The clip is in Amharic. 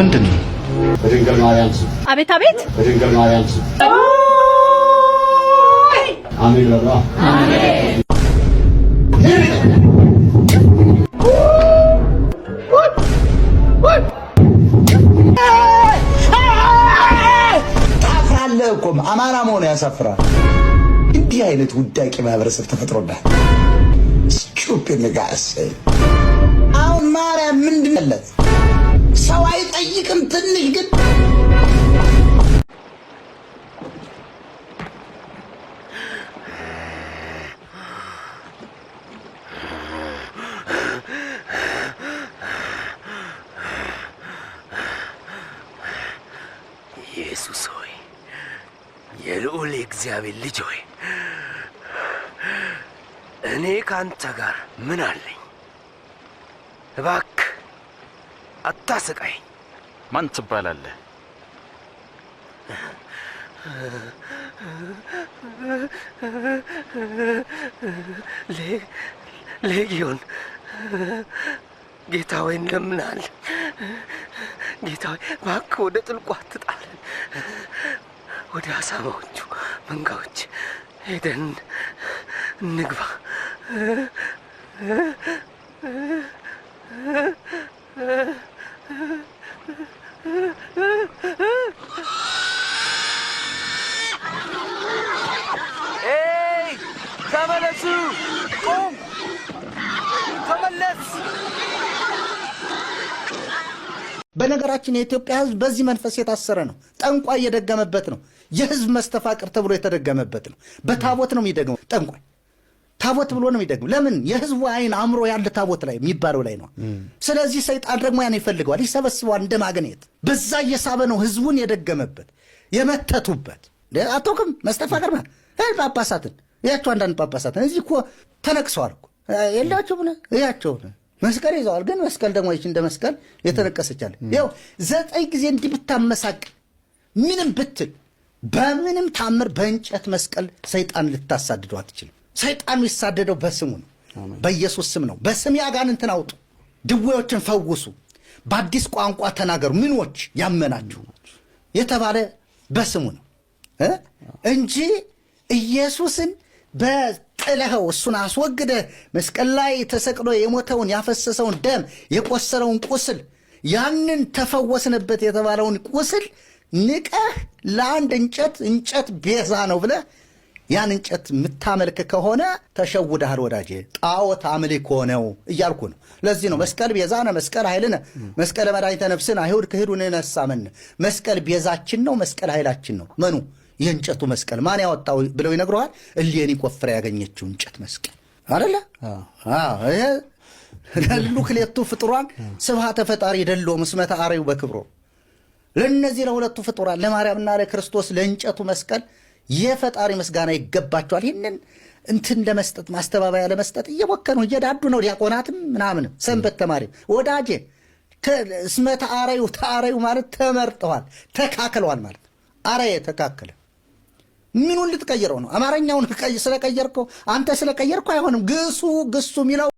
ምንድን ነው? በድንግል ማርያም ስም አቤት አቤት፣ በድንግል ማርያም ስም አሜን። አማራ መሆን ያሳፍራል። እንዲህ አይነት ውዳቂ ማህበረሰብ ተፈጥሮናል። ኢየሱስ ሆይ የልዑል የእግዚአብሔር ልጅ ሆይ እኔ ከአንተ ጋር ምን አለኝ? እባክህ አታሰቃይ። ማን ትባላለህ? ሌጊዮን ጌታ ሆይ እንለምናለን። ጌታ ሆይ እባክህ ወደ ጥልቁ አትጣል። ወደ አሳማዎቹ መንጋዎች ሄደን እንግባ። ተመለሱ! በነገራችን የኢትዮጵያ ህዝብ በዚህ መንፈስ የታሰረ ነው። ጠንቋ እየደገመበት ነው። የህዝብ መስተፋቅር ተብሎ የተደገመበት ነው። በታቦት ነው የሚደግመው ጠንቋ ታቦት ብሎ ነው የሚደግመው። ለምን የህዝቡ አይን አእምሮ ያለ ታቦት ላይ የሚባለው ላይ ነው። ስለዚህ ሰይጣን ደግሞ ያን ይፈልገዋል፣ ይሰበስበዋል እንደ ማግኔት። በዛ እየሳበ ነው ህዝቡን የደገመበት የመተቱበት። አታውቅም መስተፋቅር ጳጳሳትን እያቸው፣ አንዳንድ ጳጳሳትን እዚህ እኮ ተነቅሰዋል እኮ የላቸው ብለህ እያቸውን መስቀል ይዘዋል። ግን መስቀል ደግሞ ይች እንደ መስቀል የተነቀሰቻለ ይኸው ዘጠኝ ጊዜ እንዲህ ብታመሳቅ ምንም ብትል በምንም ታምር በእንጨት መስቀል ሰይጣን ልታሳድደው አትችልም። ሰይጣን የሚሳደደው በስሙ ነው፣ በኢየሱስ ስም ነው። በስም አጋንንትን አውጡ፣ ድዌዎችን ፈውሱ፣ በአዲስ ቋንቋ ተናገሩ፣ ምኖች ያመናችሁ የተባለ በስሙ ነው እንጂ ኢየሱስን ጥለኸው እሱን አስወግደህ መስቀል ላይ ተሰቅሎ የሞተውን ያፈሰሰውን ደም የቆሰለውን ቁስል ያንን ተፈወስንበት የተባለውን ቁስል ንቀህ ለአንድ እንጨት እንጨት ቤዛ ነው ብለህ ያን እንጨት የምታመልክ ከሆነ ተሸውደሃል ወዳጄ፣ ጣዖት አምልኮ ነው እያልኩ ነው። ለዚህ ነው መስቀል ቤዛነ መስቀል ኃይልነ መስቀል መድኃኒተ ነፍስን አይሁድ ክህዱን ነሳመን መስቀል ቤዛችን ነው፣ መስቀል ኃይላችን ነው መኑ የእንጨቱ መስቀል ማን ያወጣው ብለው ይነግረዋል። እሌኒ ቆፍራ ያገኘችው እንጨት መስቀል አደለ ለሉ ክሌቱ ፍጡሯን ስብሐተ ፈጣሪ ደሎ ምስመተ አሬው በክብሮ ለእነዚህ ለሁለቱ ፍጡራን ለማርያምና ለክርስቶስ ለእንጨቱ መስቀል የፈጣሪ ምስጋና ይገባቸዋል። ይህንን እንትን ለመስጠት ማስተባበያ ለመስጠት ነው እየዳዱ ነው። ዲያቆናትም ምናምንም ሰንበት ተማሪም ወዳጄ እስመ ተአረዩ ተአረዩ ማለት ተመርጠዋል፣ ተካክለዋል ማለት አረየ ተካከለ ምኑን ልትቀይረው ነው? አማርኛውን ስለቀየርከው አንተ ስለቀየርከው አይሆንም። ግሱ ግሱ የሚለው